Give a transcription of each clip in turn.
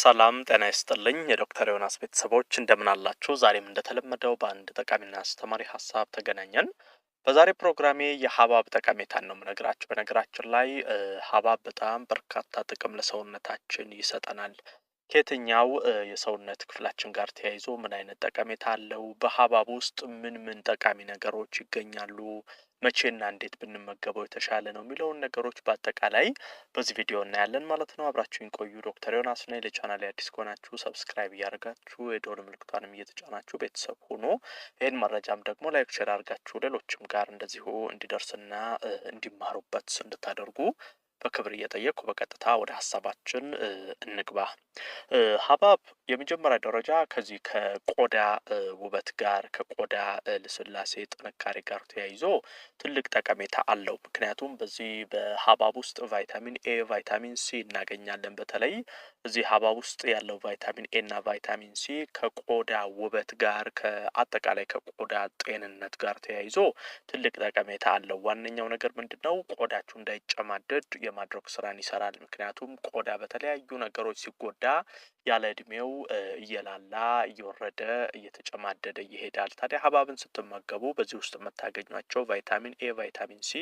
ሰላም ጤና ይስጥልኝ የዶክተር ዮናስ ቤተሰቦች እንደምን አላችሁ? ዛሬም እንደተለመደው በአንድ ጠቃሚና አስተማሪ ሀሳብ ተገናኘን። በዛሬ ፕሮግራሜ የሀባብ ጠቀሜታን ነው የምነግራችሁ። በነገራችን ላይ ሀባብ በጣም በርካታ ጥቅም ለሰውነታችን ይሰጠናል። ከየትኛው የሰውነት ክፍላችን ጋር ተያይዞ ምን አይነት ጠቀሜታ አለው? በሀባብ ውስጥ ምን ምን ጠቃሚ ነገሮች ይገኛሉ? መቼና እንዴት ብንመገበው የተሻለ ነው የሚለውን ነገሮች በአጠቃላይ በዚህ ቪዲዮ እናያለን ማለት ነው። አብራችሁን ቆዩ። ዶክተር ዮናስ ነኝ። ለቻናል አዲስ ከሆናችሁ ሰብስክራይብ እያደርጋችሁ የደወል ምልክቷንም እየተጫናችሁ ቤተሰብ ሆኖ ይህን መረጃም ደግሞ ላይክ፣ ሼር አድርጋችሁ ሌሎችም ጋር እንደዚሁ እንዲደርስና እንዲማሩበት እንድታደርጉ በክብር እየጠየቅኩ በቀጥታ ወደ ሀሳባችን እንግባ። ሀባብ የመጀመሪያ ደረጃ ከዚህ ከቆዳ ውበት ጋር ከቆዳ ልስላሴ ጥንካሬ ጋር ተያይዞ ትልቅ ጠቀሜታ አለው። ምክንያቱም በዚህ በሀባብ ውስጥ ቫይታሚን ኤ፣ ቫይታሚን ሲ እናገኛለን። በተለይ እዚህ ሀባብ ውስጥ ያለው ቫይታሚን ኤ እና ቫይታሚን ሲ ከቆዳ ውበት ጋር ከአጠቃላይ ከቆዳ ጤንነት ጋር ተያይዞ ትልቅ ጠቀሜታ አለው። ዋነኛው ነገር ምንድን ነው? ቆዳችሁ እንዳይጨማደድ የማድረግ ስራን ይሰራል። ምክንያቱም ቆዳ በተለያዩ ነገሮች ሲጎዳ ያለ እድሜው እየላላ እየወረደ እየተጨማደደ ይሄዳል። ታዲያ ሀብሀብን ስትመገቡ በዚህ ውስጥ የምታገኟቸው ቫይታሚን ኤ፣ ቫይታሚን ሲ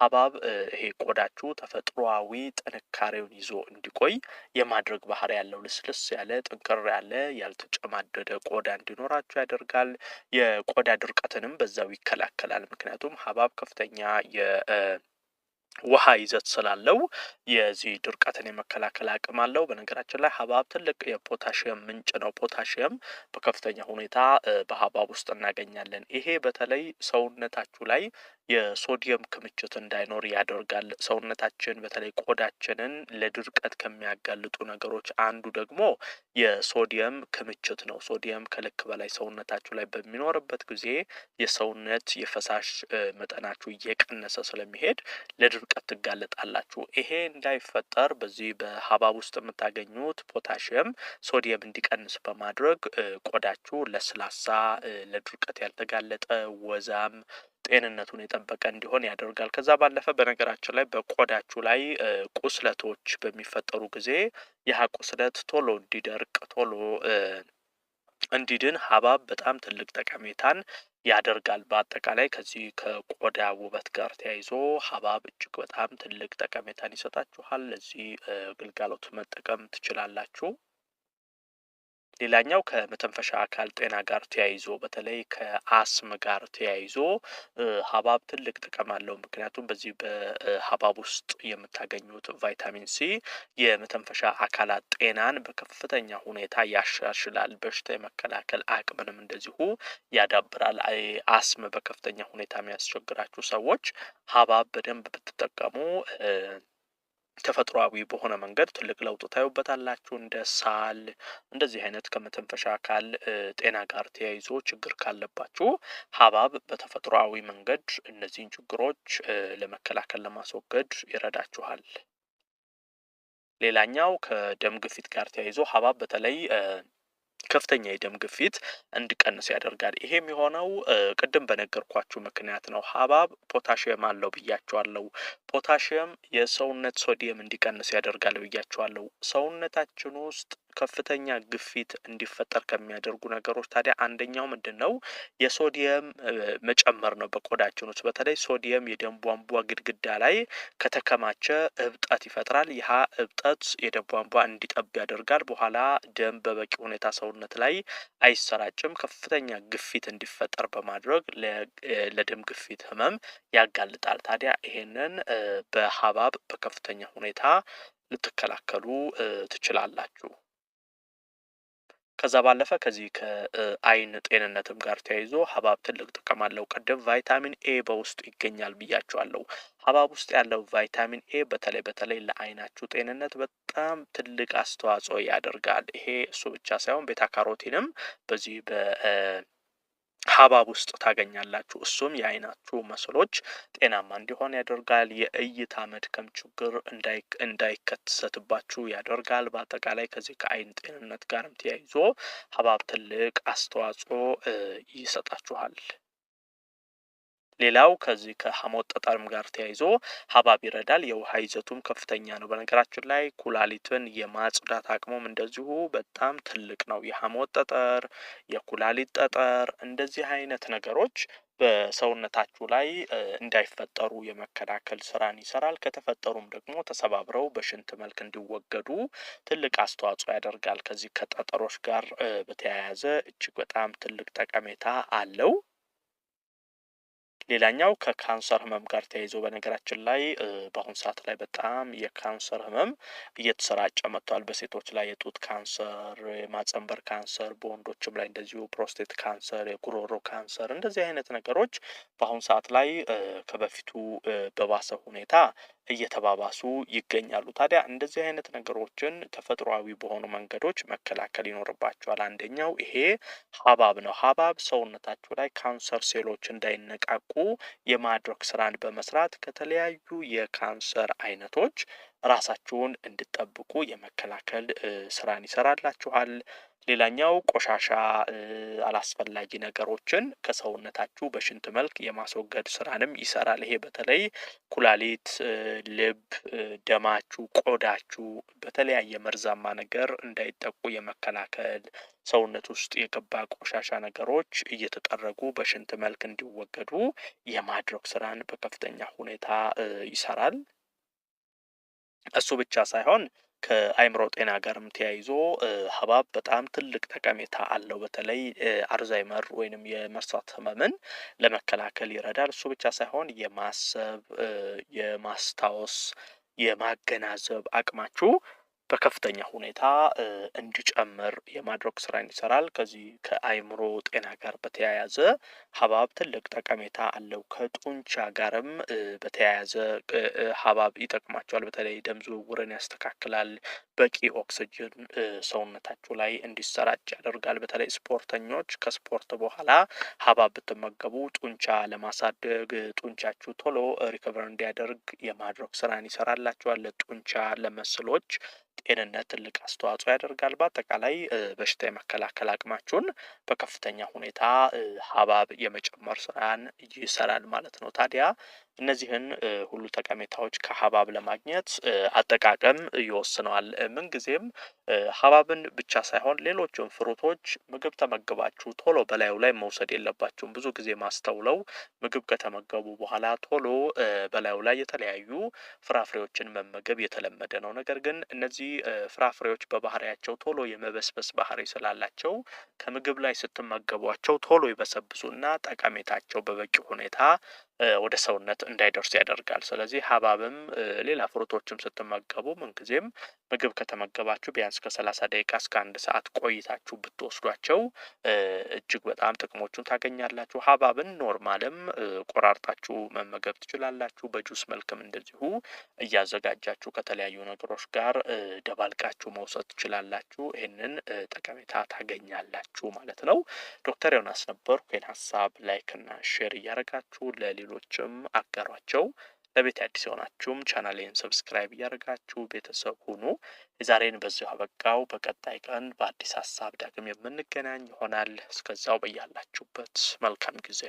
ሀብሀብ ይሄ ቆዳችሁ ተፈጥሯዊ ጥንካሬውን ይዞ እንዲቆይ የማድረግ ባህሪ ያለው ልስልስ ያለ ጥንቅር ያለ ያልተጨማደደ ቆዳ እንዲኖራችሁ ያደርጋል። የቆዳ ድርቀትንም በዛው ይከላከላል። ምክንያቱም ሀብሀብ ከፍተኛ የ ውሃ ይዘት ስላለው የዚህ ድርቀትን የመከላከል አቅም አለው። በነገራችን ላይ ሀብሀብ ትልቅ የፖታሽየም ምንጭ ነው። ፖታሽየም በከፍተኛ ሁኔታ በሀብሀብ ውስጥ እናገኛለን። ይሄ በተለይ ሰውነታችሁ ላይ የሶዲየም ክምችት እንዳይኖር ያደርጋል። ሰውነታችን በተለይ ቆዳችንን ለድርቀት ከሚያጋልጡ ነገሮች አንዱ ደግሞ የሶዲየም ክምችት ነው። ሶዲየም ከልክ በላይ ሰውነታችሁ ላይ በሚኖርበት ጊዜ የሰውነት የፈሳሽ መጠናችሁ እየቀነሰ ስለሚሄድ ለድር ለድርቀት ትጋለጣላችሁ። ይሄ እንዳይፈጠር በዚህ በሀባብ ውስጥ የምታገኙት ፖታሽየም፣ ሶዲየም እንዲቀንስ በማድረግ ቆዳችሁ ለስላሳ፣ ለድርቀት ያልተጋለጠ ወዛም ጤንነቱን የጠበቀ እንዲሆን ያደርጋል። ከዛ ባለፈ በነገራችን ላይ በቆዳችሁ ላይ ቁስለቶች በሚፈጠሩ ጊዜ ያህ ቁስለት ቶሎ እንዲደርቅ ቶሎ እንዲድን ሀባብ በጣም ትልቅ ጠቀሜታን ያደርጋል። በአጠቃላይ ከዚህ ከቆዳ ውበት ጋር ተያይዞ ሀብሀብ እጅግ በጣም ትልቅ ጠቀሜታን ይሰጣችኋል። ለዚህ ግልጋሎት መጠቀም ትችላላችሁ። ሌላኛው ከመተንፈሻ አካል ጤና ጋር ተያይዞ በተለይ ከአስም ጋር ተያይዞ ሀባብ ትልቅ ጥቅም አለው። ምክንያቱም በዚህ በሀባብ ውስጥ የምታገኙት ቫይታሚን ሲ የመተንፈሻ አካላት ጤናን በከፍተኛ ሁኔታ ያሻሽላል። በሽታ የመከላከል አቅምንም እንደዚሁ ያዳብራል። አስም በከፍተኛ ሁኔታ የሚያስቸግራችሁ ሰዎች ሀባብ በደንብ ብትጠቀሙ ተፈጥሯዊ በሆነ መንገድ ትልቅ ለውጥ ታዩበታላችሁ። እንደ ሳል እንደዚህ አይነት ከመተንፈሻ አካል ጤና ጋር ተያይዞ ችግር ካለባችሁ ሀብሀብ በተፈጥሯዊ መንገድ እነዚህን ችግሮች ለመከላከል ለማስወገድ ይረዳችኋል። ሌላኛው ከደም ግፊት ጋር ተያይዞ ሀብሀብ በተለይ ከፍተኛ የደም ግፊት እንዲቀንስ ያደርጋል። ይሄም የሆነው ቅድም በነገርኳችሁ ምክንያት ነው። ሀብሀብ ፖታሽየም አለው ብያቸዋለሁ። ፖታሽየም የሰውነት ሶዲየም እንዲቀንስ ያደርጋል ብያቸዋለሁ። ሰውነታችን ውስጥ ከፍተኛ ግፊት እንዲፈጠር ከሚያደርጉ ነገሮች ታዲያ አንደኛው ምንድን ነው? የሶዲየም መጨመር ነው። በቆዳችን ውስጥ በተለይ ሶዲየም የደም ቧንቧ ግድግዳ ላይ ከተከማቸ እብጠት ይፈጥራል። ይህ እብጠት የደም ቧንቧ እንዲጠብ ያደርጋል። በኋላ ደም በበቂ ሁኔታ ሰውነት ላይ አይሰራጭም። ከፍተኛ ግፊት እንዲፈጠር በማድረግ ለደም ግፊት ህመም ያጋልጣል። ታዲያ ይሄንን በሀባብ በከፍተኛ ሁኔታ ልትከላከሉ ትችላላችሁ። ከዛ ባለፈ ከዚህ ከአይን ጤንነትም ጋር ተያይዞ ሀባብ ትልቅ ጥቅም አለው። ቅድም ቫይታሚን ኤ በውስጡ ይገኛል ብያቸዋለሁ። ሀባብ ውስጥ ያለው ቫይታሚን ኤ በተለይ በተለይ ለአይናችሁ ጤንነት በጣም ትልቅ አስተዋጽኦ ያደርጋል። ይሄ እሱ ብቻ ሳይሆን ቤታ ካሮቲንም በዚህ በ ሀባብ ውስጥ ታገኛላችሁ። እሱም የአይናችሁ መስሎች ጤናማ እንዲሆን ያደርጋል። የእይታ መድከም ችግር እንዳይከሰትባችሁ ያደርጋል። በአጠቃላይ ከዚህ ከአይን ጤንነት ጋርም ተያይዞ ሀባብ ትልቅ አስተዋጽኦ ይሰጣችኋል። ሌላው ከዚህ ከሐሞት ጠጠርም ጋር ተያይዞ ሀባብ ይረዳል። የውሃ ይዘቱም ከፍተኛ ነው። በነገራችን ላይ ኩላሊትን የማጽዳት አቅሙም እንደዚሁ በጣም ትልቅ ነው። የሐሞት ጠጠር፣ የኩላሊት ጠጠር እንደዚህ አይነት ነገሮች በሰውነታችሁ ላይ እንዳይፈጠሩ የመከላከል ስራን ይሰራል። ከተፈጠሩም ደግሞ ተሰባብረው በሽንት መልክ እንዲወገዱ ትልቅ አስተዋጽኦ ያደርጋል። ከዚህ ከጠጠሮች ጋር በተያያዘ እጅግ በጣም ትልቅ ጠቀሜታ አለው። ሌላኛው ከካንሰር ህመም ጋር ተያይዞ በነገራችን ላይ በአሁኑ ሰዓት ላይ በጣም የካንሰር ህመም እየተሰራጨ መጥቷል። በሴቶች ላይ የጡት ካንሰር፣ የማጸንበር ካንሰር፣ በወንዶችም ላይ እንደዚሁ ፕሮስቴት ካንሰር፣ የጉሮሮ ካንሰር እንደዚህ አይነት ነገሮች በአሁኑ ሰዓት ላይ ከበፊቱ በባሰ ሁኔታ እየተባባሱ ይገኛሉ። ታዲያ እንደዚህ አይነት ነገሮችን ተፈጥሯዊ በሆኑ መንገዶች መከላከል ይኖርባቸዋል። አንደኛው ይሄ ሀባብ ነው። ሀባብ ሰውነታችሁ ላይ ካንሰር ሴሎች እንዳይነቃቁ የማድረግ ስራን በመስራት ከተለያዩ የካንሰር አይነቶች ራሳችሁን እንድጠብቁ የመከላከል ስራን ይሰራላችኋል። ሌላኛው ቆሻሻ፣ አላስፈላጊ ነገሮችን ከሰውነታችሁ በሽንት መልክ የማስወገድ ስራንም ይሰራል። ይሄ በተለይ ኩላሊት፣ ልብ፣ ደማችሁ፣ ቆዳችሁ በተለያየ መርዛማ ነገር እንዳይጠቁ የመከላከል ሰውነት ውስጥ የገባ ቆሻሻ ነገሮች እየተጠረጉ በሽንት መልክ እንዲወገዱ የማድረግ ስራን በከፍተኛ ሁኔታ ይሰራል። እሱ ብቻ ሳይሆን ከአይምሮ ጤና ጋርም ተያይዞ ሀባብ በጣም ትልቅ ጠቀሜታ አለው። በተለይ አርዛይመር ወይንም የመርሳት ህመምን ለመከላከል ይረዳል። እሱ ብቻ ሳይሆን የማሰብ የማስታወስ የማገናዘብ አቅማችሁ በከፍተኛ ሁኔታ እንዲጨምር የማድረግ ስራን ይሰራል። ከዚህ ከአይምሮ ጤና ጋር በተያያዘ ሀብሀብ ትልቅ ጠቀሜታ አለው። ከጡንቻ ጋርም በተያያዘ ሀብሀብ ይጠቅማቸዋል። በተለይ ደም ዝውውርን ያስተካክላል። በቂ ኦክስጅን ሰውነታችሁ ላይ እንዲሰራጭ ያደርጋል። በተለይ ስፖርተኞች ከስፖርት በኋላ ሀብሀብ ብትመገቡ ጡንቻ ለማሳደግ ጡንቻችሁ ቶሎ ሪከቨር እንዲያደርግ የማድረግ ስራን ይሰራላቸዋል። ጡንቻ ለመስሎች ጤንነት ትልቅ አስተዋጽኦ ያደርጋል። በአጠቃላይ በሽታ የመከላከል አቅማችሁን በከፍተኛ ሁኔታ ሀባብ የመጨመር ስራን ይሰራል ማለት ነው። ታዲያ እነዚህን ሁሉ ጠቀሜታዎች ከሀባብ ለማግኘት አጠቃቀም ይወስነዋል። ምንጊዜም ሀባብን ብቻ ሳይሆን ሌሎችም ፍሩቶች ምግብ ተመግባችሁ ቶሎ በላዩ ላይ መውሰድ የለባችሁም። ብዙ ጊዜ ማስተውለው ምግብ ከተመገቡ በኋላ ቶሎ በላዩ ላይ የተለያዩ ፍራፍሬዎችን መመገብ የተለመደ ነው። ነገር ግን እነዚህ ፍራፍሬዎች በባህሪያቸው ቶሎ የመበስበስ ባህሪ ስላላቸው ከምግብ ላይ ስትመገቧቸው ቶሎ ይበሰብሱና ጠቀሜታቸው በበቂ ሁኔታ ወደ ሰውነት እንዳይደርሱ ያደርጋል። ስለዚህ ሀብሀብም ሌላ ፍሩቶችም ስትመገቡ ምንጊዜም ምግብ ከተመገባችሁ ቢያንስ ከሰላሳ ደቂቃ እስከ አንድ ሰዓት ቆይታችሁ ብትወስዷቸው እጅግ በጣም ጥቅሞቹን ታገኛላችሁ። ሀብሐብን ኖርማልም ቆራርጣችሁ መመገብ ትችላላችሁ። በጁስ መልክም እንደዚሁ እያዘጋጃችሁ ከተለያዩ ነገሮች ጋር ደባልቃችሁ መውሰድ ትችላላችሁ። ይህንን ጠቀሜታ ታገኛላችሁ ማለት ነው። ዶክተር ዮናስ ነበርኩ። ይህን ሀሳብ ላይክና ሼር እያደረጋችሁ ለሌ ለሌሎችም አጋሯቸው። ለቤት አዲስ የሆናችሁም ቻናሌን ሰብስክራይብ እያደረጋችሁ ቤተሰብ ሁኑ። የዛሬን በዚሁ አበቃው። በቀጣይ ቀን በአዲስ ሀሳብ ዳግም የምንገናኝ ይሆናል። እስከዛው በያላችሁበት መልካም ጊዜ